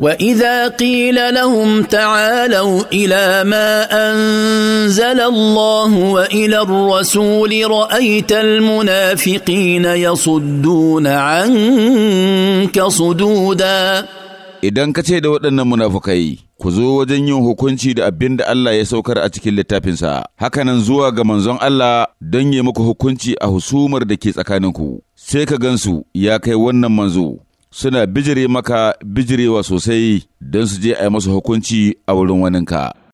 واذا قيل لهم تعالوا الى ما انزل الله والى الرسول رايت المنافقين يصدون عنك صدودا idan ka ce da waɗannan munafukai ku zo wajen yin hukunci da abin da Allah ya saukar a cikin littafinsa hakanan zuwa ga manzon Allah don yi muku hukunci a husumar da ke tsakaninku sai ka gansu ya kai wannan manzo suna bijire maka bijirewa sosai don su je a yi masu hukunci a wurin waninka.